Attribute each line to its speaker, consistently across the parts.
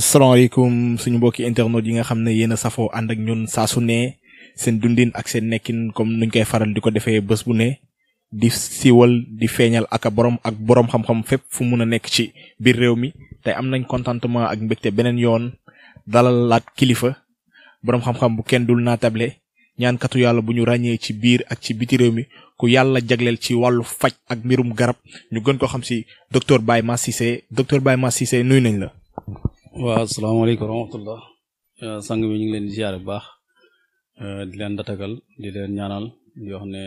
Speaker 1: asalaamaaleykum suñu mbokki internautes yi nga xam ne yéen a safoo ànd ak ñun saa su ne seen dundin ak seen nekkin comme nuñ koy faral di ko defee bés bu ne di siiwal di feeñal ak borom ak boroom xam-xam fépp fu mun a nekk ci biir réew mi tey am nañ contentement ak mbégte beneen yoon dalal laat kilifa boroom xam-xam bu kenn dul naa ñaankatu yàlla bu ñu ràññee ci biir ak ci biti réew mi ku yàlla jagleel ci wàllu faj ak mbirum garab ñu gën ko xam si docteur Baye Mass Cissé docteur Baye Mass Cissé nuyu nañ la.
Speaker 2: waaw asalaamaaleykum wa rahmatullah sang bi ñu ngi leen di ziare bu baax eh, di leen datagal di leen ñaanal di wax ne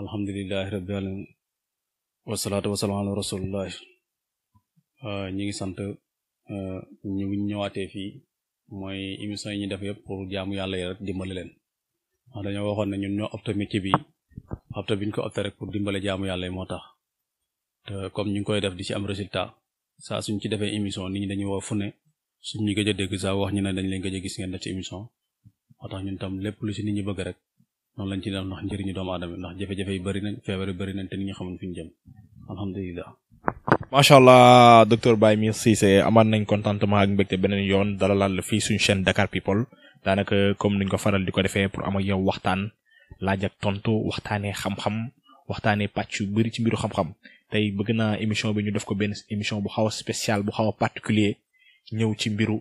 Speaker 2: alhamdulilahi rabbil alamin wasalaatu wasalaam ala rasulillah eh, ñi ngi sant eh, ñu ñëwaatee fii mooy émission yi ñu def yëpp pour yàlla yi rek dimbale leen wax dañoo waxoon ne ñun ñoo opté métier bi opté bi ñu ko opté rek pour dimbale jaamu yàlla yi moo tax te comme ñu ngi koy def di ci am résultat saa suñ ci defee émission nit ñi dañuy woo fu ne suñ ñu gëj a dégg saa wax ñu ne dañ leen gëj a gis ngeen def ci émission moo tax ñun tam lépp lu si nit ñi bëgg rek noonu lañ ci def ndax njëriñu doomu aadama ndax jafe-jafe yi bëri nañ feebar yi nañ te nit ñi xamuñ fi ñu jëm alhamdulilah.
Speaker 1: macha allah docteur Baye Mir Cissé amaat nañ contentement ak mbégte beneen yoon dalalaat la fii suñu chaîne Dakar People daanaka comme niñ ko faral di ko defee pour am ak yow waxtaan laa ak tontu waxtaanee xam-xam waxtaanee pàcc su bëri ci mbiru xam tey bëgg naa émission bi ñu def ko benn émission bu xaw a spécial bu xaw a particulier ñëw ci mbiru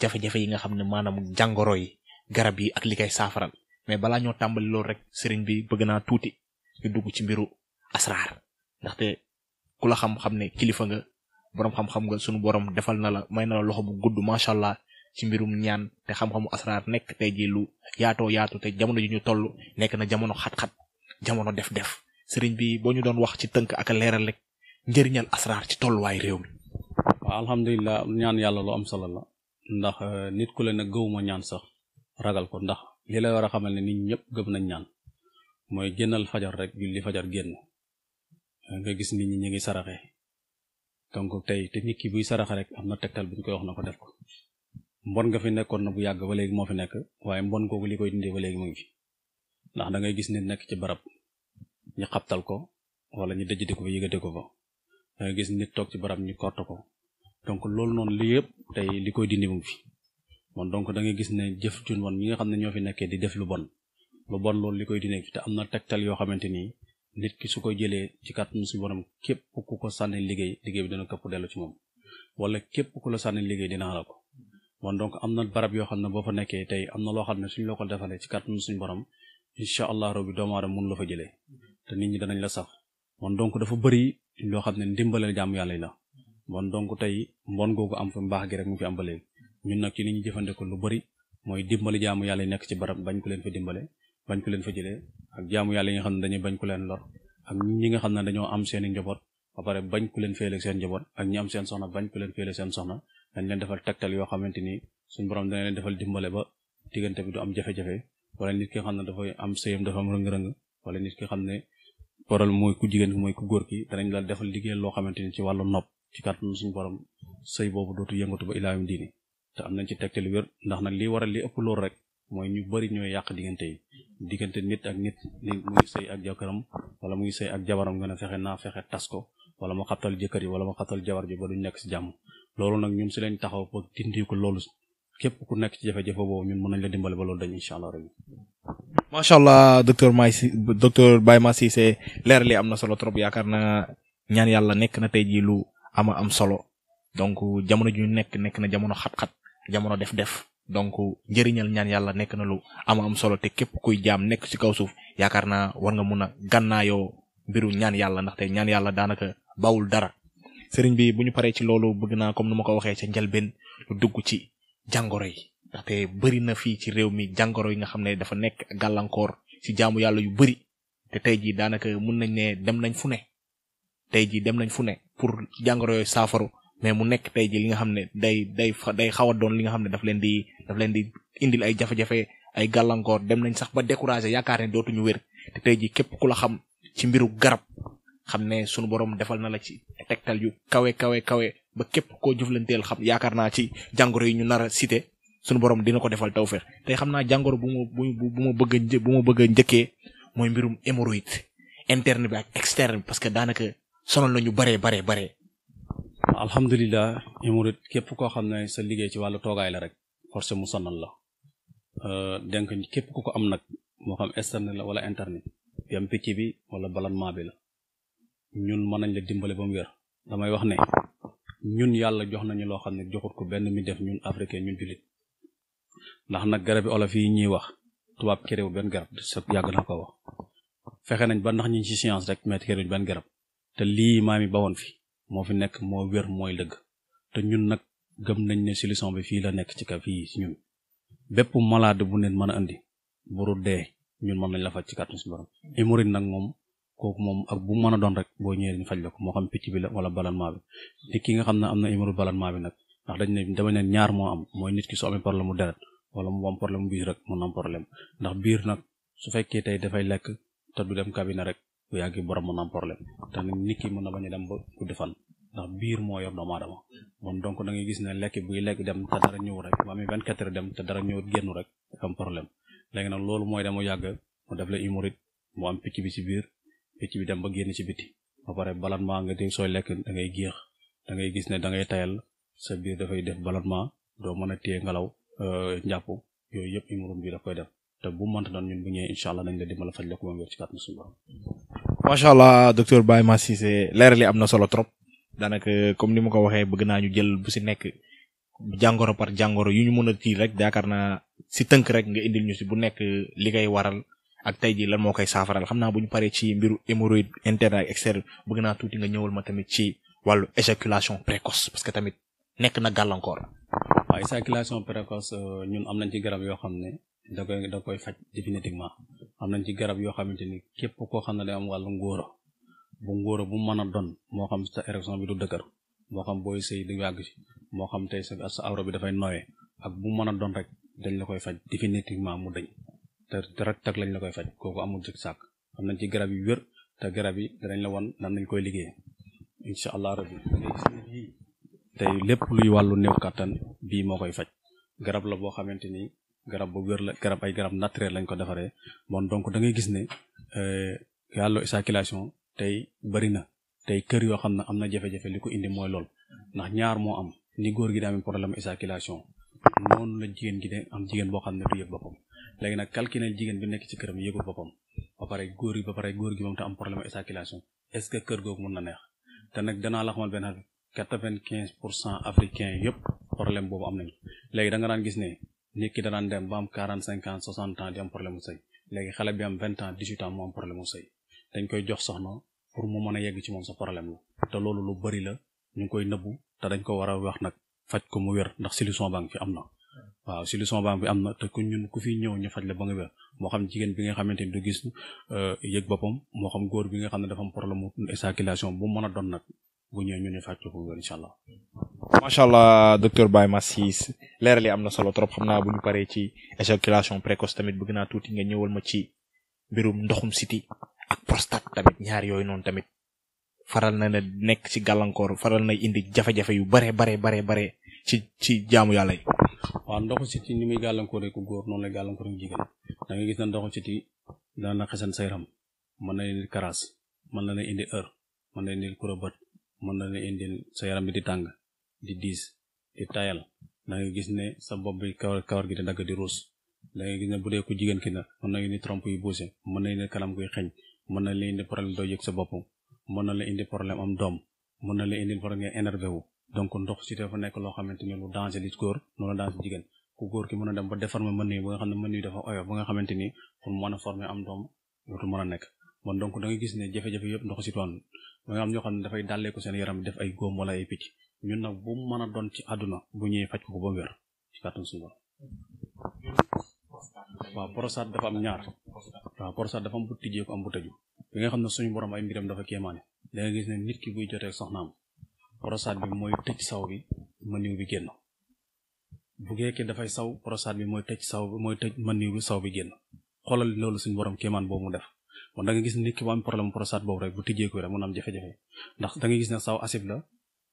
Speaker 1: jafe-jafe yi nga xam ne maanaam jàngoro yi garab yi ak li koy saafaral mais balaa ñoo tàmbali loolu rek sëriñ bi bëgg naa tuuti ñu dugg ci mbiru asraar ndaxte ku la xam-xam ne kilifa nga borom xam-xam nga sunu borom defal na la may na la loxo bu gudd macha allah ci mbirum ñaan te xam-xamu asraar nekk tey jii lu yaatoo yaatu te jamono ji ñu toll nekk na jamono xat jamono def-def. sëriñ bi boo ñu doon wax ci tënk ak leeral rek njëriñal asraar ci tolluwaay réew mi.
Speaker 2: waaw alhamdulilah ñaan yàlla lu am solo la ndax euh, nit ku leen a gëwuma ñaan sax ragal ko ndax li la war a xamal ne nit ñëpp gëm nañ ñaan mooy génnal fajar rek julli fajar génn nga gis nit ñi ñu ngi saraxe donc tey te nit ki buy saraxe rek am na tegtal buñ ñu koy wax na ko def ko mbon nga fi nekkoon na bu yàgg ba léegi moo fi nekk waaye mbon googu li koy dindi ba léegi mu ngi ndax da ngay gis nit nekk ci barab ñu xabtal ko wala ñu dëjjate ko fa yëgate ko fa gis nit toog ci barab ñu korte ko donc loolu noonu li yëpp tey li koy dindi mu fi moom donc dangay gis ne jëf jun woon ñi nga xam ne ñoo fi nekkee di def lu bon lu bon loolu li koy dindi fi te am na tegtal yoo xamante ni nit ki su ko jëlee ci kàttanu suñu borom képp ku ko sànni liggéey liggéey bi dina këpp dellu ci moom wala képp ku la sànni liggéey dina la ko moom donc am na barab yoo xam ne boo fa nekkee tey am na loo xam ne suñ la ko defalee ci kàttanu suñu borom incha allah rabbi doomu aadama mun la fa jëlee te nit ñi danañ la sax bon donc dafa bëri loo xam ne ndimbalal jàmm yàlla yi la bon donc tey mbon googu am fa mbaax gi rek mu fi am ba léegi ñun nag ci nit ñi jëfandikoo lu bëri mooy dimbali jaamu yàlla yi nekk ci barab bañ ku leen fa dimbale bañ ko jëlee ak jaamu yi nga xam ne dañuy bañ ko leen lor ak ñi nga xam ne dañoo am seen i njaboot ba pare bañ ko leen féele seen njaboot ak ñi am seen soxna bañ ko leen féele seen soxna dañ leen defal tegtal yoo xamante ni suñu borom dana leen defal dimbale ba diggante bi du am jafe-jafe wala nit ki nga xam ne dafa am sëyam dafa am rëng-rëng wala nit ki xam ne waral mooy ku jigéen ki mooy ku góor ki danañ la defal liggéey loo xamante ni ci wàllu nopp ci kàttanu suñu borom sëy boobu dootu yëngatu ba ilaayum diini te am nañ ci tegtal wér ndax nag lii waral li ëpp loolu rek mooy ñu bari ñooy yàq diggante yi diggante nit ak nit ni muy sëy ak jëkkëram wala ngi sëy ak jabaram nga ne fexe naa fexe tas ko wala ma xabtal jëkkër yi wala ma xabtal jabar ji ba duñ nekk si jàmm loolu nag ñun si lañ taxaw ba dindi ko loolu képp ku nekk ci jafe-jafe boobu ñun mën nañ la dimbale ba loolu dañ incha allah rabbi
Speaker 1: macha allah docteur May si docteur Baye Ma Cissé
Speaker 2: leer li am na solo trop
Speaker 1: yaakaar na ñaan yàlla nekk na tey jii lu ama am solo donc jamono ju nekk nekk na jamono xat-xat jamono def-def donc njëriñal ñaan yàlla nekk na lu ama am solo te képp kuy jaam nekk ci kaw suuf yaakaar na war nga mun a gànnaayoo mbiru ñaan yàlla ndaxte ñaan yàlla daanaka bawul dara sëriñ bi bu ñu paree ci loolu bëgg naa comme nu ma ko waxee ca njëlbeen lu dugg ci jàngoro yi ndaxte bëri na fii ci réew mi jàngoro yi nga xam ne dafa nekk gàllankoor ci jaamu yàlla yu bëri te tey jii daanaka mun nañ ne dem nañ fu ne tey jii dem nañ fu ne pour jangoro yooyu saafaru mais mu nekk tey jii li nga xam ne day day day xaw a doon li nga xam ne daf leen di daf leen di indil ay jafe-jafe ay gàllankoor dem nañ sax ba découragé yaakaar ne dootuñu wér te tey jii képp ku la xam ci mbiru garab xam ne sunu borom defal na la ci tegtal yu kawe kawe kawe ba képp koo jëflanteel xam yaakaar naa ci jàngoro yi ñu nar a cité sunu borom dina ko defal tawféex tey xam naa jàngoro bu ma bu ma bëgg bu ma bëgg njëkkee mooy mbirum hémorroïde internet bi ak externe bi parce que
Speaker 2: daanaka sonal na ñu baree baree baree. alhamdulilah hémorroïde képp koo xam ne sa liggéey ci wàllu toogaay la rek forcé mu sonal la. Euh, donc képp ku ko am nag moo xam externe la wala interne bi am ñun mën nañ la dimbale ba mu wér damay wax ne ñun yàlla jox nañu loo xam ne joxut ko benn mi def ñun africain ñun jullit ndax nag garabi olof yi ñuy wax tubaab kéréwu benn garab sa yàgg na ko wax fexe nañ ba ndax ñi ci rek mais benn garab te lii maam yi bawoon fi moo fi nekk moo wér mooy dëgg te ñun nag gëm nañ ne solution bi fii la nekk ci kaw yi ci ñun bépp malade bu neen mën a indi buru dee ñun mën nañ la faj ci kàttan suñu borom hémorroïde nag moom kooku moom ak bu mën a doon rek boo ñëwee ñu faj la ko moo xam picc bi la wala ballonnement bi te nga xam ne am na hémorroïde ballonnement bi nag ndax dañ ne dama ñaar moo am mooy nit ki su amee problème mu deret wala mu am problème mu biir na am nag su fekkee tey dafay lekk te du dem cabine rek bu yàggi borom mën na am problème te nit ki mën na a dem ba gudd fan ndax moo yor doomu aadama bon da ngay gis ne lekk buy lekk dem te dara ñëw rek ba amee dem te dara ñëw génn rek am problème léegi nag loolu mooy dama yàgg mu def la hémorroïde mu am picc bi ci biir picc bi dem ba génn ci biti ba pare ballonnement nga di sooy lekk da géex da gis ne da ngay tayal sa biir dafay def ballonnement doo mën a téye ngelaw euh, njàpp yooyu yëpp imurum bi daf koy def te bu mënta doon ñun bu ñëwee incha allah nañ la dimbala faj la ko moom wér
Speaker 1: leer li am na solo trop daanaka comme ni ma ko waxee bëgg naa ñu jël bu si nekk jàngoro par jàngoro yu ñu mën a tiir rek yaakaar naa si tënk rek nga indil ñu si bu nekk li kay waral ak tey jii lan moo koy saafaral xam naa bu ñu paree ci mbiru hémorroïde interne ak externe bëgg naa tuuti nga ñëwal ma tamit ci wàllu éjaculation précoce parce que tamit nekk na gàllankoor.
Speaker 2: waaye éjaculation précoce euh, ñun am nañ ci garab yoo xam ne da koy faj définitivement am nañ ci garab yoo xamante ni képp koo xam ne day am wàllu ngóora bu ngóora bu mën a doon moo xam sa érection bi du dëkkër moo xam booy sëy du yàgg si moo xam tey sa sa awra bi dafay nooyee ak bu mën a doon rek dañ la koy faj définitivement mu dañ te rek teg lañ la koy faj kooku amul jëkk sàkk am nañ ci garab yu wér te garab yi danañ la wan nan lañ koy liggéey incha allah rabbi tey lépp luy wàllu néew kàttan bii moo koy faj garab la boo xamante ni garab bu wér la garab ay garab naturel lañ ko defaree bon donc da ngay gis ne euh, yàlla éjaculation tey bëri na tey kër yoo xam ne am na jafe-jafe li ko indi mooy lool ndax ñaar moo am ni góor gi daa amee problème éjaculation noonu la jigéen gi de am jigéen boo xam ne du yëg boppam léegi nag calculer jigéen bi nekk ci këram yëgul boppam ba pare góor gi ba pare góor gi moom te am problème éjaculation est ce que kër googu mun na neex te nag danaa la xamal benn xel quatre-vingt-quinze pour africain yëpp problème boobu am nañu léegi da nga daan gis ne nit ki danaan dem ba am quarante cinq ans soixante ans di am problème sëy léegi xale bi am vingt ans dix-huit am problème sëy dañ koy jox soxna pour mu mën a yegg ci moom sa problème loolu lu bari la ñu ngi koy nëbbu te ko war a wax nag faj ko mu wér ndax solution baa ngi fi am na waaw si leçon banque bi am na te ku ñun ku fi ñëw ñu faj la ba nga wér moo xam jigéen bi nga xamante ni du gis euh, yëg boppam moo xam góor bi nga xam ne dafa problème mu éjaculation bu mën a doon nag bu ñëwee ñu ne faj ko allah.
Speaker 1: macha allah docteur Baye Massis leeral yi am na solo trop xam naa bu ñu paree ci éjaculation précoce tamit bëgg naa tuuti nga ñëwal ma ci mbirum ndoxum siti ak prostate tamit ñaar yooyu noonu tamit faral na ne nekk ci gàllankoor faral na indi jafe-jafe yu bare bare bare bare ci ci jaamu yàlla yi.
Speaker 2: waaw ndoxu siti ni muy gàllankooree ku góor noonu la gàllankooree ku jigéen da nga gis na ndoxu siti dana xasan sa yaram mën na indi karaas mën na leen heure mën indi kurobët mën na indi sa bi di tàng di tayal da nga gis ne sa bopp bi kawar kawar gi di dagg di ruus da nga gis ne dee ku jigéen ki na mën na indi trompe yu buuse mën na indi kanam kuy xeeñ mën na la indi problème doo yëg sa bopp mën na la indi problème am doom mën na la indi problème nga énervé wu donc ndox si dafa nekk loo xamante ni lu danger li góor noonu la danger a xam ne mën dafa xamante ni pour mën a former am doom dootul mën a da nga gis ne jafe-jafe ndox si toon ba am ñoo xam ne dafay dàllee ko seen yaram def ay góom wala ay picc ñun nag bu mu a doon ci àdduna bu ñuy faj ko ba wér ci kàttan suñu borom waaw prostate dafa am ñaar waaw prostate dafa am bu tijjee ko am bu tëju bi nga xam ne suñu borom ay mbiram dafa kéemaane da nga gis ne nit ki buy jotee soxnaam prostate bi mooy tëj saw bi maniw bi génn bu fekkee dafay saw prostate bi mooy tëj saw bi mooy tëj maniw bi saw bi génn xoolal loolu suñ borom kéemaan boobu mu def kon da nga gis nit ki bu am problème prostate boobu rek bu tijjee ko rek mën am jafe-jafe ndax da nga gis ne saw acide la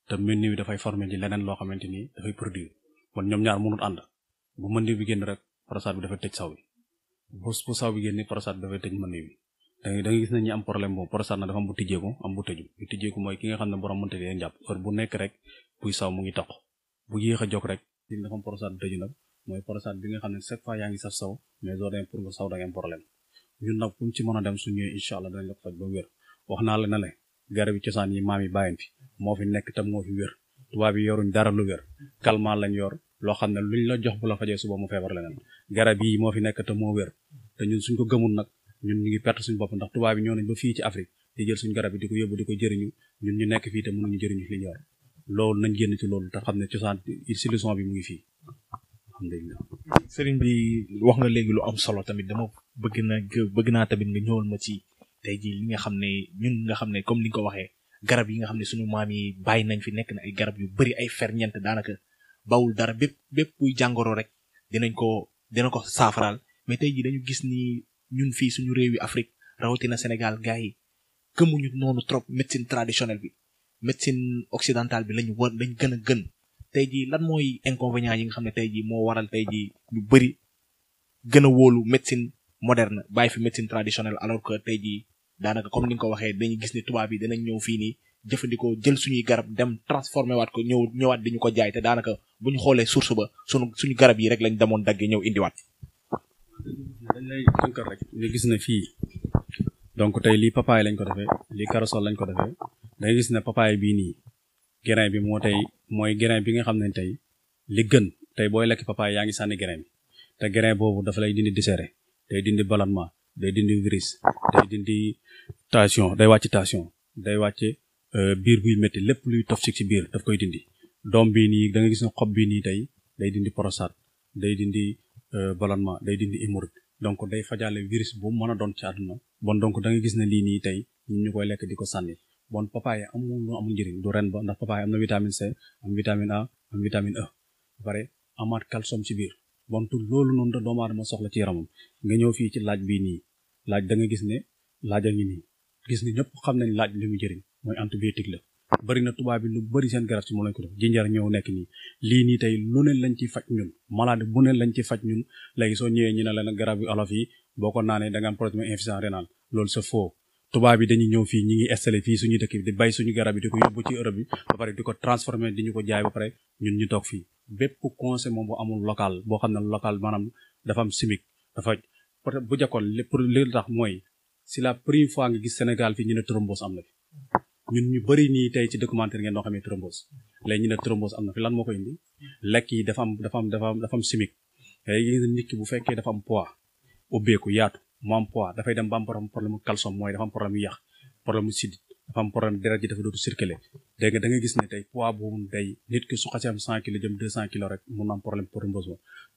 Speaker 2: te maniw bi dafay forme ji leneen loo xamante ni dafay produire kon ñoom ñaar mënut ànd bu maniw bi génn rek prostate bi dafay tëj saw bi bu bu saw bi génn prostate bi dafay tëj maniw bi da ngay da ngay gis ne ñi am problème boobu prostate na dafa am tijjeeku am bu tëju bu tijjeeku mooy ki nga xam ne borom mënta dee njàpp heure bu nekk rek buy saw mu ngi toq bu yéex a rek li am nga xam ne chaque yaa ngi saf saw mais doo dem pour nga saw da ngeen problème ñun nag fu ci mën a dem su ñëwee incha allah danañ la ko faj garab yi yi maam yi bàyyin fi moo fi nekk te moo fi wér tubaab yi yoruñ dara lu wér calmant lañ yor loo xam ne luñ la jox bu la fajee suba mu feebar leneen garab yi moo fi nekk te moo wér te ñun suñ ko gëmul nag ñun ñu ngi perte suñu bopp ndax tubaab yi ñoo nañ ba fii ci Afrique di jël suñu garab yi di ko yóbbu di ko jëriñu ñun ñu nekk fii te mënuñu jëriñu li ñu yor loolu nañ génn ci loolu te xam ne cosaan solution bi mu ngi fii
Speaker 1: alhamdulilah. sëriñ bi wax nga léegi lu am solo tamit dama bëgg na bëgg naa tamit nga ñëwal ma ci tey jii li nga xam ne ñun nga xam ne comme li nga ko waxee garab yi nga xam ne suñu maam yi bàyyi nañ fi nekk na ay garab yu bëri ay ferñeent daanaka bawul dara bépp bépp buy jàngoro rek dinañ ko dina ko saafaraal mais tey jii dañu gis ni ñun fii suñu réew yi Afrique rawatina Sénégal gars yi noonu trop médecine traditionnelle bi médecine occidentale bi lañu war lañ gën a gën tey jii lan mooy inconvénient yi nga xam ne tey jii moo waral tey jii ñu bëri gën a wóolu médecine moderne bàyyi fi médecine traditionnelle alors que tey jii daanaka comme ni nga ko waxee dañuy gis ni tubaab yi danañ ñëw fii nii jëfandikoo jël suñuy garab dem transformé waat ko ñëw ñëwaat di ñu ko jaay te daanaka bu ñu
Speaker 2: xoolee source ba suñu suñu garab yi rek lañ demoon daggee ñëw indiwaat. dañ lay tënkal rek nga gis na fii donc tey lii papaay lañ ko defee lii karosol lañ ko defee da gis na papaay bii nii grain bi moo tey mooy grain bi nga xam ne tey li gën tey booy lekk papaay yaa ngi sànni grain bi te grain boobu dafa lay dindi disere day dindi ballonnement day dindi virus day dindi tension day wàcc tension day wàcc euh, biir buy métti lépp luy toxique ci biir daf koy dindi doom bii nii da nga gis ne xob bii nii tey day dindi prostate day dindi euh, ballonnement day dindi hémorroïde donc day fajaale virus bu mën a doon ci àdduna bon donc da nga gis ne lii nii tey ñun ñu koy lekk di ko sànni bon papaye amul lu amul njëriñ du ren ba ndax papaye am na vitamine C am vitamine A am vitamine E ba pare amaat calcium ci biir bon tout loolu noonu da doomu aadama soxla ci yaramam nga ñëw fii ci laaj bii nii laaj da nga gis ne laaj a ngi nii gis ne ñëpp xam nañ laaj li mu njëriñ mooy antibiotique la bëri na tubaab bi lu bëri seen garab si moom lañ ko def nii lii nii tey lu ne lañ ci bu lañ ci faj ñun léegi soo ñëwee ñu ne la garab yu olof yi boo ko naanee da nga am bi dañuy ñëw fii ñi ngi installé fii suñu dëkk bi di bay suñu garab yi ko yóbbu ko transformé di ñu jaay ba pare ñun ñu toog fii bépp conseil moom bu amul local boo xam ne local maanaam dafa am chimique dafa peut-être bu jëkkoon li pour li tax mooy si la première fois nga gis Sénégal fii ñu ne trombose am na fi ñun ñu bëri nii tey ci documentaire ngeen noo xamee thrombose léegi ñu ne thrombose am na fi lan moo ko indi lekk yi dafa am dafa am dafa am dafa am chimique léegi nit ki bu fekkee dafa am poids ubbeeku yaatu mu am poids dafay dem ba am problème calcium mooy dafa am problème yu yàq problème dafa am problème deret ji dafa dootu circuler dégg nga da nga gis ne tey poids boobu day nit ki su xasee am 100 kilos jëm 200 kilos rek mun na am problème thrombose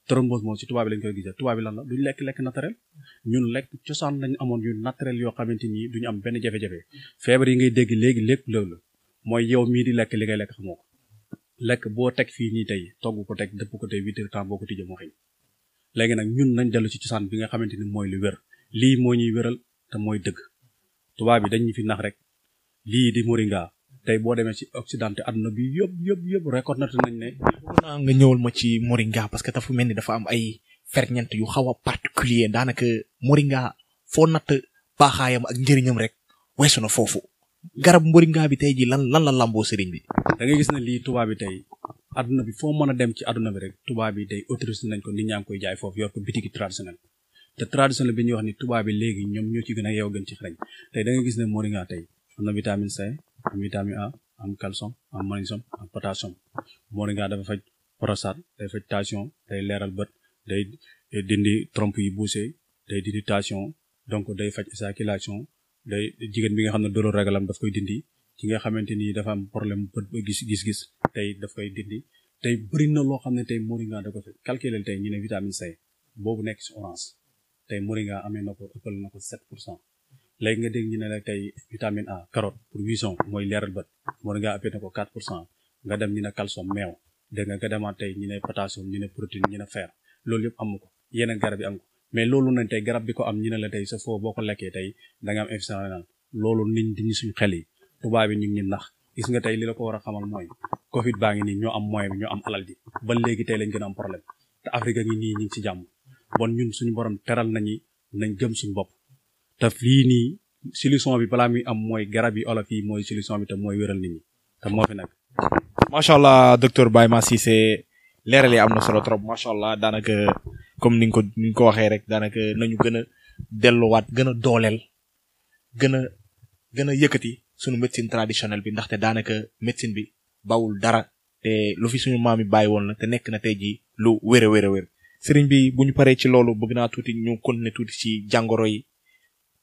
Speaker 2: trombose moom si tubaab bi lañ koy gisee tubaab bi lan la duñ lekk lekk naturel ñun lekk cosaan lañ amoon yu naturel yoo xamante ni duñu am benn jafe-jafe feebar yi ngay dégg léegi lépp loolu mooy yow mii di lekk li ngay lekk xamoo ko lekk boo teg fii nii tey togg ko teg dëpp ko tey huit heures boo ko tijjee moo xëy léegi nag ñun nañ dellu ci cosaan bi nga xamante ni mooy lu wér lii moo ñuy wéral te mooy dëgg tubaab bi dañ ñu fi nax rek lii di moringa tey boo demee ci Occident àdduna bi yëpp yëpp yëpp reconnaître nañ ne. bëgg naa nga
Speaker 1: ñëwal ma ci moringa parce que dafa mel ni dafa am ay ferñeent yu xaw a particulier daanaka moringa foo natt baaxaayam ak njëriñam rek weesu na foofu garab moringa bi tey ji lan lan la lamboo sëriñ bi.
Speaker 2: da gis ne lii tubaab bi tey àdduna bi foo mën a dem ci àdduna bi rek tubaab bi tey autorisé nañ ko nit ñaa ngi koy jaay foofu yor ko bitiki traditionnel te traditionnel bi wax ni tubaab bi léegi ñoom ñoo ci gën a yow gën ci xarañ tey da ngay am vitamine A am calcium am magnésium am potassium moringa dafa faj prostate day faj tension day leeral bët day dindi trompe yi bouché day dindi tension donc day faj éjaculation day jigéen bi nga xam ne douleur ragalam daf koy dindi ci nga xamante ni dafa am problème bët gis gis-gis tey daf koy dindi tey bëri na loo xam ne tey moringa da ko fi calculer tey ñu ne vitamine C boobu nekk si orange tey moringa amee na ko ëppal na ko 7 pour cent léegi nga dégg ñu ne la tey vitamine A carotte pour vision mooy leeral bët moo ngaa appee ne ko 4 pour cent nga dem ñu ne calcium meew dégg nga nga demaat tey ñu ne potassium ñu ne protéine ñu ne fer loolu yëpp amu ko yeneen garab yi loolu nañ tey garab bi ko am ñu ne la tey sa foo boo ko lekkee tey da am insuffisance rénale loolu niñ ñi suñ xel yi tubaab bi ñu ngi nax gis nga tey li la ko war a xamal mooy covid baa ngi nii ñoo am moyen bi ñoo am alal ji ba léegi tey lañ gën a am problème te Afrique ngi nii ñu ngi ci jàmm bon ñun suñu borom teral nañi nañ gëm suñu bopp te lii nii solution bi balaa muy am mooy garab yi olof yi mooy solution bi tam mooy wéral nit ñi te moo fi nag
Speaker 1: macha allah docteur Baye Ma Cissé leeral yi am na solo trop macha allah daanaka comme ni nga ko ni nga ko waxee rek daanaka nañu gën a delluwaat gën a dooleel gën a gën a yëkkati suñu médecine traditionnelle bi ndaxte daanaka médecine bi bawul dara te lu fi suñu maam yi bàyyi woon la te nekk na tey jii lu wér a wér a wér sëriñ bi bu ñu paree ci loolu bëgg naa tuuti ñu tuuti ci jàngoro yi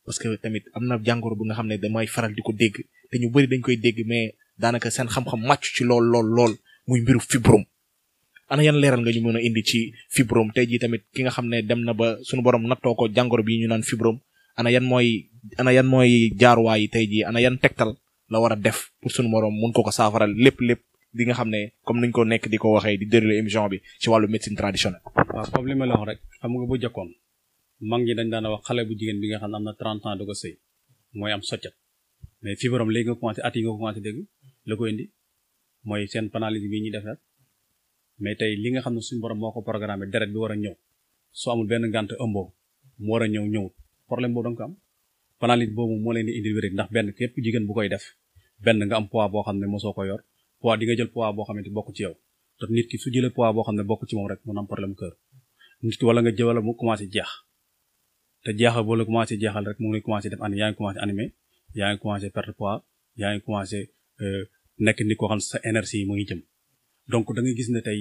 Speaker 1: parce que tamit am na jàngoro bu nga xam ne damay faral di ko dégg te ñu bëri dañ koy dégg mais daanaka seen xam-xam màcc ci lool lool lool muy mbiru fibrom ana yan leeral nga ñu mën a indi ci fibrom tey jii tamit ki nga xam ne dem na ba suñu borom nattoo ko jàngoro bi ñu naan fibrom ana yan mooy ana yan mooy jaaruwaay yi tey jii ana yan tegtal la war a def pour sunu borom mun ko ko saafaral lépp lépp di nga xam ne comme niñ ko nekk di ko waxee di déroulé émission bi ci wàllu médecine
Speaker 2: mag ñi dañ daan wax xale bu jigéen bi nga xam ne am na 30 ans du ko sëy mooy am soccet mais fii borom léegi nga commencé at yi nga commencé dégg la seen panalyse bi ñuy def nag mais tey li nga xam ne suñu borom moo ko programme deret bi war a ñëw soo amul benn ngànt ëmboo mu war a ñëw ñëwut problème boobu danga ko am panalyse boobu moo leen di indi wér ndax benn képp jigéen bu koy def benn nga am poids boo xam ne mosoo ko yor poids di nga jël poids boo xam ne bokk ci yow te nit ki su jëlee poids boo xam ne bokk ci moom rek mun am problème kër nit ki wala nga mu commencé jeex te jaaxal boo la commencé jeexal rek mu ngi commencé def animé yaa ngi commencé animé yaa ngi commencé perdre poids yaa ngi commencé euh, nekk ni ko xam sa énergie yi mu ngi jëm donc da nga gis ne tey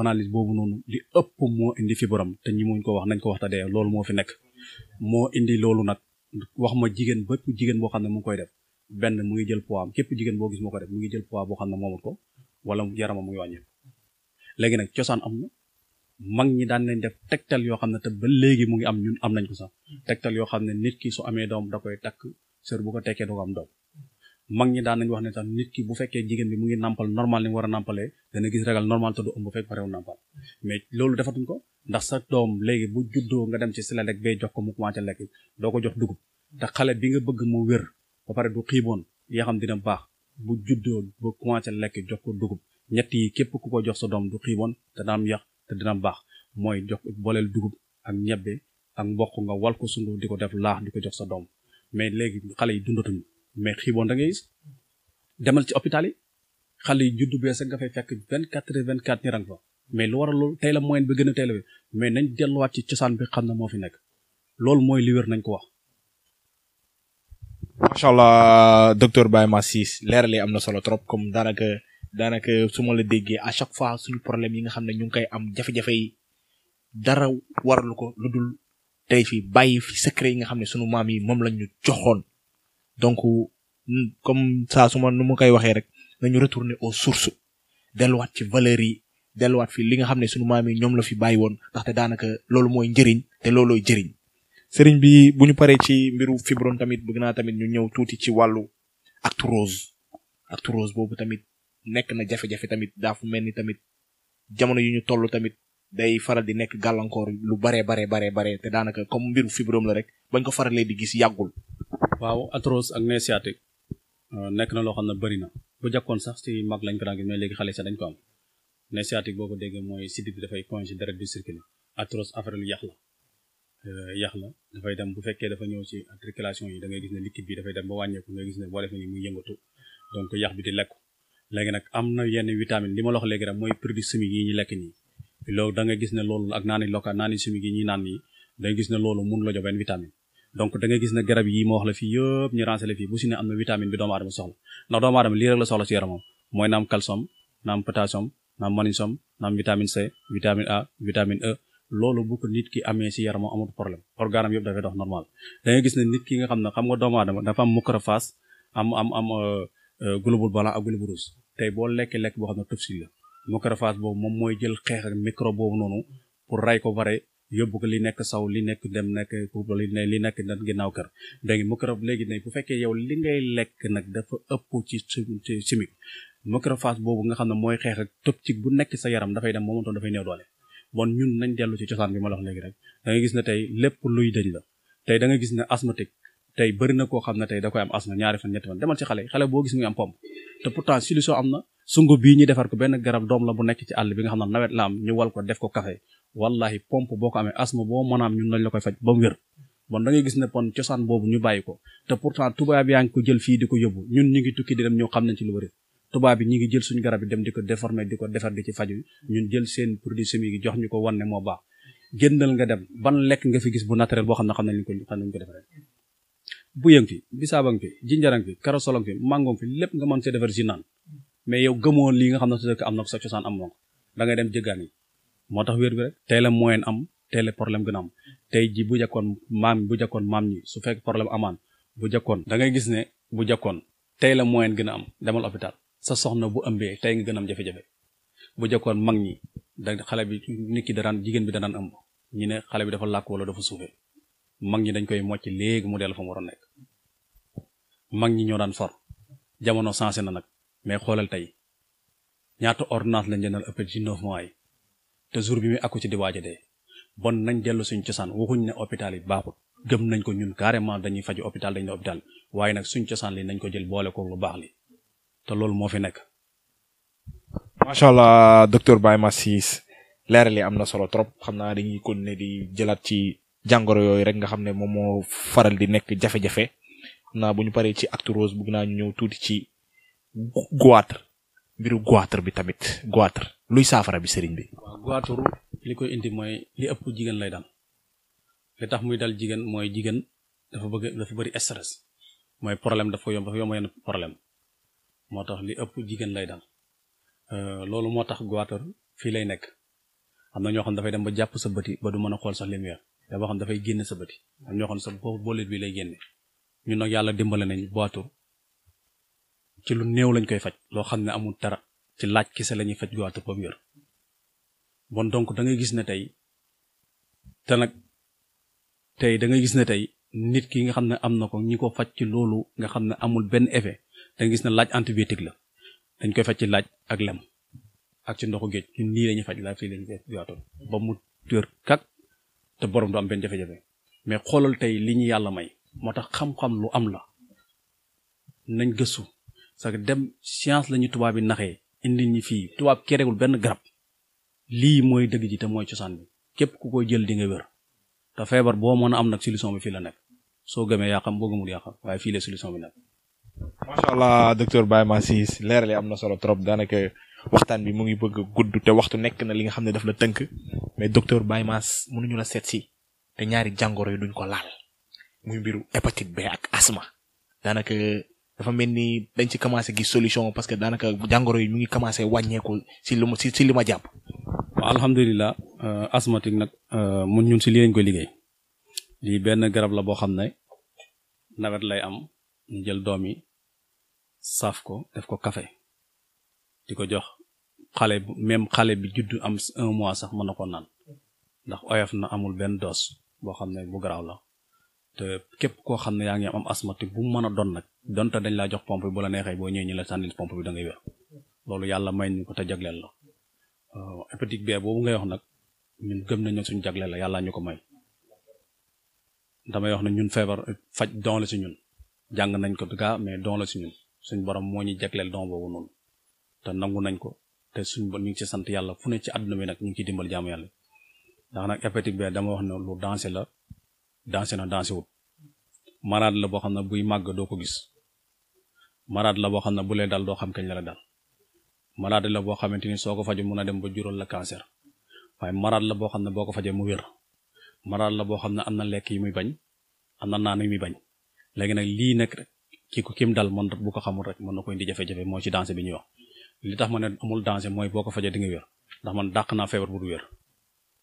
Speaker 2: analyse boobu noonu li ëpp moo indi fi borom te ñi muñ ko wax nañ ko wax te dee loolu moo fi nekk moo indi loolu nag wax ma jigéen bépp jigéen boo xam ne mu ngi koy def benn mu ngi jël poids am képp jigéen boo gis moo koy def mu ngi jël poids boo xam ne moomut ko wala yaramam mu ngi wàññeeku léegi nag cosaan am na mag ñi daan nañ def tegtal yoo xam ne te ba léegi mu ngi am ñun am nañ ko sax tegtal yoo xam ne nit ki su amee doom da koy takk sër bu ko tekkee doo ko am doom mag ñi daan nañ wax ne tam nit ki bu fekkee jigéen bi mu ngi nampal normal ni mu nampalee dana gis ragal normal te du ëmb fekk parewu nàmpal mais loolu defatuñ ko ndax sa doom léegi bu juddoo nga dem ci la rek bay jox ko mu commencé lekk doo ko jox dugub te xale bi nga bëgg mu wér ba pare du xiiboon yaa xam dina baax bu juddoo ba commencé lekk jox ko dugub ñett yi képp ku ko jox sa doom du xiiboon te daam yax te dina baax mooy jox booleel dugub ak ñebbe ak mboq nga wal ko sunguf di ko def laax di ko jox sa doom mais léegi xale yi dundatuñu mais xiiboon da ngay demal ci hôpital yi xale yi juddu bees ak nga fekk vingt quatre heures vingt quatre ñi rang fa mais lu waral loolu tey la moyen bi gën a tey la mais nañ delluwaat ci cosaan bi xam na moo fi nekk loolu mooy li wér nañ ko wax.
Speaker 1: macha allah docteur Baye Mass Ciss leeral yi am na solo trop comme daanaka. daanaka su ma la déggee à chaque fois suñu problème yi nga xam ne ñu ngi koy am jafe-jafe dara warlu ko lu dul tey fii bàyyi fi secret yi nga xam ne suñu maam yi moom lañ ñu joxoon donc comme ça su nu ma koy waxee rek nañu retourner aux sources delluwaat ci valeurs yi delluwaat fi li nga xam ne suñu maam yi ñoom la fi bàyyi woon ndaxte daanaka loolu mooy njëriñ te loolooy jëriñ sëriñ bi bu ñu paree ci mbiru fibron tamit bëgg naa tamit ñu ñëw tuuti ci wàllu acte rose acte rose boobu tamit nekk na jafe-jafe tamit daa fu mel ni tamit jamono yu ñu toll tamit day faral di nekk gàllankoor lu baree baree baree bare te daanaka comme mbiru fibrome la rek bañ ko faralee di gis yàggul.
Speaker 2: waaw arthrose ak hernie sciatique euh, nekk na loo xam ne bëri na bu jàkkoon sax ci mag lañ ko daan gis léegi xale sax dañ ko am hernie sciatique boo ko déggee mooy sidit bi dafay congé deret du circulé arthrose affaire lu yàq la. Euh, yax la dafay dem bu fekkee dafa ñëw ci articulation yi da ngay gis ne liquide bi dafay dem ba wàññeeku nga gis ne boo defee ni muy yëngatu donc yax bi di lekk léegi nag am na yenn vitamine li ma la wax léegi rek mooy produit chimique yi ñu lekk nii loolu da nga gis ne loolu ak naani local naani chimique yi ñuy naan nii da nga gis ne loolu mun la jox benn vitamine donc da nga gis ne garab yi ma wax la fii yëpp ñu rancale fii bu si ne am na vitamine bi doomu aadama soxla ndax doomu aadama lii rek la soxla si yaramam mooy naam calcium naam potassium naam magnésium naam vitamine C vitamine A vitamine E loolu bu nit ki amee si yaramam amul problème organam yëpp dafay dox normal da nga gis ne nit ki nga xam ne xam nga doomu aadama dafa am macrophage am am am euh, euh, globule blanc ak globule rouge tey boo lekkee lekk boo xam ne toxique la macrophage boobu moom mooy jël xeex ak microbe boobu noonu pour ray ko bare yóbbu ko li nekk saw li nekk dem nekk li ne li nekk nag ginnaaw kër donc microbe léegi nag bu fekkee yow li ngay lekk nag dafa ëpp ci ci chimique macrophage boobu nga xam ne mooy xeex ak toxique bu nekk sa yaram dafay dem moomantoon dafay néew doole bon ñun nañ dellu ci cosaan bi ma la léegi rek da gis ne tey lépp luy dëñ la tey da nga gis ne asthmatique tey bëri na koo xam ne tey da koy am asma ñaari fan ñetti fan demal ci xale yi xale boo gis muy am pompe te pourtant solution am na sungu bii ñuy defar ko benn garab doom la bu nekk ci àll bi nga xam ne nawet la am ñu wal ko def ko café wallahi pompe boo ko amee asma boo mën a am ñun lañ la koy faj ba mu wér gis ne pon cosaan boobu ñu bàyyi ko te pourtant tubaab yaa ngi ko jël fii di ko yóbbu ñun ñu tukki di dem ñoo xam nañ ci lu bëri tubaab bi ñi ngi jël suñu garab yi dem di ko déformer di ko defar di ci jël seen produit chimique yi jox ñu ko wan ne moo baax génnal nga dem ban lekk nga fi gis bu naturel boo xam ne xam nañ ko xam nañ ko defaree buyang fi bisaabang fi jinjarang fi karasolang fi màngoom fi lépp nga mën see defar si naan mais yow gëmoon lii nga xam ne sa dëkk am na ko sa cosaan am na ko da ngay dem jëggaan moo tax wér bi tey la moyen am tey la gën a am ji bu jakkoon maam bu jakkoon maam ñi su fekk problème amaan bu jakkoon da ngay gis ne bu jakkoon tey la moyen gën a am demal hôpital sa soxna bu ëmbee tey nga gën am jafe-jafe bu jakkoon mag ñi da xale bi nit ki daraan jigéen bi danaan ëmb ñi ne xale bi dafa làkk wala dafa suufee mag ñi dañ koy mocc léegi mu dellu fa mu waroon nekk mag ñi ñoo daan for jamono sensé na nag mais xoolal tey ñaata ordonnance lañ jëndal ëpp ci neuf mois yi te jour bi akku ci di waaj a nañ dellu suñ cosaan waxuñ ne hôpital yi baaxut gëm nañ ko ñun carrément dañuy faju hôpital dañu ne hôpital waaye nag suñ cosaan li nañ ko jël boole ko lu baax li te loolu moo fi nekk. macha
Speaker 1: allah docteur Baye Massis leeral yi am na solo trop xam naa dañuy continuer di jëlaat ci. jàngoro yooyu rek nga xam ne moom moo faral di nekk jafe-jafe naa bu ñu paree ci acte rose naa ñëw tuuti ci goitre mbiru goitre bi tamit goitre luy saafara bi sëriñ bi.
Speaker 2: waaw goitre li koy indi mooy li ëpp jigéen lay dal li tax muy dal jigéen mooy jigéen dafa bëgg dafa bëri stress mooy problème dafa yomb dafa yomb problème moo tax li ëpp jigéen lay dal euh, loolu moo tax goitre fii lay nekk xam na ñoo xam dafay dem ba jàpp sa bëti ba du mën a xool sax lumière da boo xam dafay génne sa bëti am ñoo xam ne sa bolet bi lay génne ñun nag yàlla dimbale nañ boitu ci lu néew lañ koy faj loo xam ne amul dara ci laaj kese la ñuy faj goitu ba mu yor bon donc da ngay gis ne tey te nag tey da ngay gis ne tey nit ki nga xam ne am na ko ñi ko faj ci loolu nga xam ne amul benn effet da gis ne laaj antibiotique la dañ koy faj ci laaj ak lem ak ci ndoxu géej ñun nii la ñuy faj laaj fii la ñuy faj goitu ba mu tër kak te boroom du am benn jafe-jafe mais xoolal tey li ñu yàlla may moo tax xam-xam lu am la nañ gëstu parce que dem science lañuy tubaab yi naxee indi ñi fii tubaab kereegul benn garab lii mooy dëgg ji te mooy cosaan bi képp ku koy jël di nga wér te feebar boo mën a am nag solution bi fii la nekk soo gëmee yaa xam boo gëmul yaa xam waaye fii la solution bi nekk.
Speaker 1: na solo trop waxtaan bi mu ngi bëgg gudd te waxtu nekk na li nga xam ne daf la tënk mais docteur Baye Mass mënuñu la seet si te ñaari jàngoro yi duñ ko laal muy mbiru hépatite B ak asthme daanaka dafa mel ni dañ ci commencé gis solution parce que daanaka jàngoro yi mu ngi commencé wàññeeku si lu ma si si li ma jàpp.
Speaker 2: waaw alhamdulilah euh, asthmatique nag euh, mun ñun si lii lañ koy liggéey lii benn garab la boo xam ne nawet lay am ñu doom yi saaf ko def ko café di ko jox xale bu même xale bi juddu am un mois sax mën na ko naan ndax oyof na amul benn dose boo xam ne bu garaaw la te képp koo xam ne yaa ngi am asthmatique bu mën a doon nag donte dañ laa jox pompe bi bu la neexee boo ñëwee ñu la sànnil pompe bi da ngay wér loolu yàlla may ñu ko te jagleel la euh, hépatite B boobu ngay wax nag ñun gëm nañ ne suñu jagleel la yàlla ñu ko may damay wax na ñun feebar faj don la si ñun jàng nañ ko gaa mais don la si ñun suñ borom moo ñuy jagleel don boobu noonu te nangu nañ ko te suñ ba ñu ngi ci sant yàlla fu ne ci àdduna bi nag ñu ngi ciy dimbal jaamu yàlla ndax nag hépatite B dama wax ne lu dansé la dansé na dansé wut malade la boo xam ne buy màgg doo ko gis malade la boo xam ne bu lay dal doo xam kañ la la dal malade la boo xamante ni soo ko faju mën a dem ba jural la cancer waaye malade la boo xam ne boo ko fajee mu wér malade la boo xam ne am na lekk yi muy bañ am na naan yi muy bañ léegi nag lii nag rek kii ko kim dal man bu ko xamul rek mën na ko indi jafe-jafe moo ci dansé bi ñuy wax li tax ma ne amul danger mooy boo ko fajee di nga wér ndax man dàq naa feebar bu du wér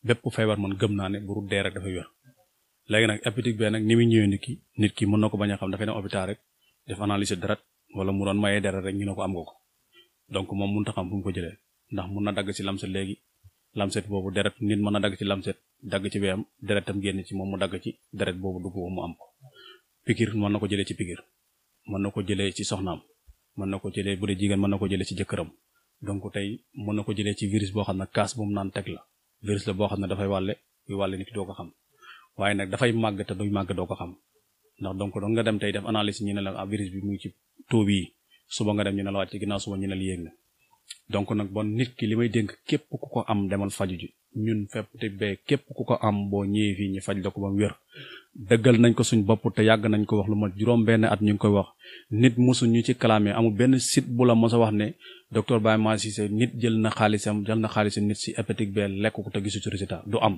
Speaker 2: bépp feebar man gëm naa ne bu du dee rek dafay wér léegi nag hépatite B nag ni muy ñëwee nit ki nit ki mën na ko bañ a xam dafay dem hôpital rek def analyse deret wala mu doon mayee deret rek ñu ne ko am nga ko donc moom mënut a xam fu ko jëlee ndax mun na dagg ci lamset léegi lamset boobu deret nit mën na dagg ci lamset dagg ci weyam deretam génn ci moom mu dagg ci deret boobu dugg ko mu am ko pikir mën na ko jëlee ci pikir mën na ko jëlee ci soxnaam mën na ko jëlee bu dee jigéen mën na ko jëlee ci jëkkëram donc tey mën na ko jëlee ci virus boo xam ne kaas bu mu naan teg la virus la boo xam ne dafay wàlle buy wàlle nit doo ko xam waaye nag dafay màgg te duy màgg doo ko xam ndax donc donc nga dem tey def analyse ñu ne la ah, virus bi mu ngi ci taux bii suba nga dem ñu ne la wàcc ginnaaw suba ñu ne la donc nag bon nit ki li may dénk képp ku ko am demal faju ji ñun fépp te bee képp ku ko am boo ñëwee fii ñu faj la ko ba mu wér dëggal nañ ko suñ bopp te yàgg nañ ko wax lu ma juróom benn at ñu ngi koy wax nit mosu ñu ci kalaamee amul benn site bu la mos a wax ne docteur Baye si Cissé nit jël na xaalisam jël na xaalisam nit si hépatite B lekk ko te gisu ci résultat du am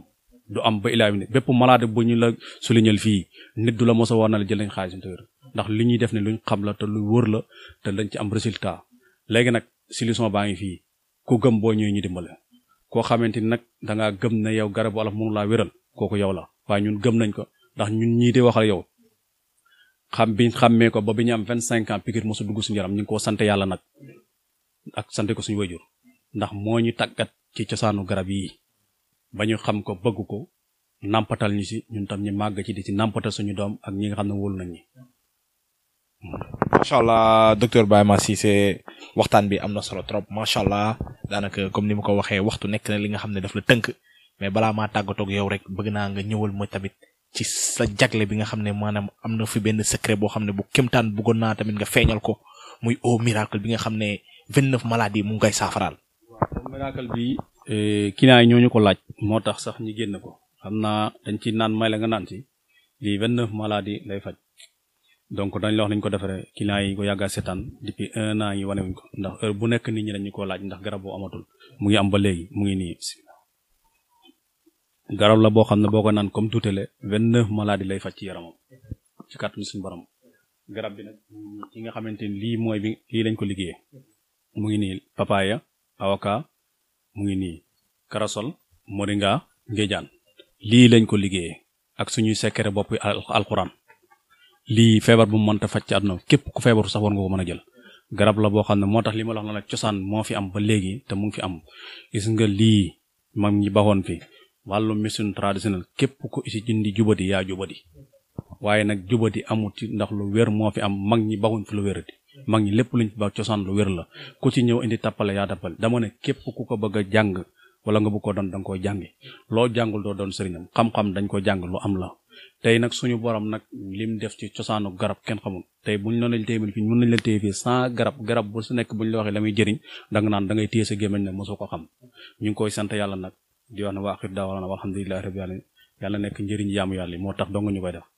Speaker 2: du am ba ilaa ne bépp malade bu ñu la soulignal fii nit du la mos a wax na la jël ndax li ñuy def ne luñ xam la lu wër la te dañ ci am résultat léegi nag solution baa ngi fii ku gëm boo ñëwee ñu dimbale koo xamante ni nag danga gëm na yow garabu olof mënu laa wéral kooku yow la waaye ñun gëm nañ ko ndax ñun ñii di waxal yow xam bi xàmmee ko ba bi ñu am vingt cinq ans piqûre mosu dugg suñu yaram ñu ngi koo sante yàlla nag ak sante ko suñu wajur ndax moo ñu tàggat ci cosaanu garab yii ba ñu xam ko bëgg ko nampatal ñu si ñun tam ñu màgg ci di ci nampatal suñu doom ak ñi nga xam ne wóolu nañ ñi
Speaker 1: macha allah docteur Baye Mass Cissé waxtaan bi am na solo trop macha allah daanaka comme ni ma ko waxee waxtu nekk na li nga xam ne daf la tënk mais balaa maa tàggatoo ak yow rek bëgg naa nga ñëwal ma tamit ci sa jagle bi nga xam ne maanaam am na fi benn secret boo xam ne bu kéemtaan bëggoon naa tamit nga feeñal ko muy au miracle bi nga xam ne vingt neuf maladies mu ngi koy saafaraal.
Speaker 2: waaw miracle bi. Eh, kinaay ñoo ñu ko laaj. moo tax sax ñi génn ko xam naa dañ ci naan may la nga naan ci lii vingt neuf maladies lay faj. donc dañ la wax nañ ko defaree clients yi ko yàggaa seetaan depuis naa an yi wane wuñ ko ndax heure bu nekk nit ñi lañu ko laaj ndax garab boo amatul mu ngi am ba léegi mu ngi nii garab la boo xam ne boo ko naan comme tutele vingt neuf maladies lay faj ci yaramam ci kàttanu suñ borom garab bi nag ki nga xamante ni lii mooy bi lii lañ ko liggéeyee mu ngi nii papaya avocat mu ngi nii karasol moringa ngéjaan lii lañ ko liggéeyee ak suñuy secret bopp alxuraan lii feebar bu mu mënta faj ci àdduna képp ku feebaru sax war nga ko mën a jël garab la boo xam ne moo tax li ma la na nag cosaan moo fi am ba léegi te mu ngi fi am gis nga lii mag ñi baxoon fi wàllu médecine traditionnelle képp ku isi jindi jubadi yaa jubadi waaye nag jubadi amut ci ndax lu wér moo fi am mag ñi baxuñ fi lu wérati mag ñi lépp luñ fi ba cosaan lu wér la ku ci ñëw indi tappale yaa tappale dama ne képp ku ko bëgg a jàng wala nga bëgg koo doon da nga koy jàngi loo jàngul doo doon sëriñam xam-xam dañ ko jàng am la tey nag suñu borom nag lim def ci cosaanu garab kenn xamul tey buñ noonu lañ téye fii mën nañ la téye fii sans garab garab bu su nekk buñ la waxee la muy jëriñ danga naan da ngay téye sa gémmiñ ne mosoo ko xam ñu ngi koy sant yàlla nag di wax ne waa axir daawaana walhamdulillahi rabbil alamin yàlla nekk njëriñ yaamu yàlla yi moo tax dong ñu koy def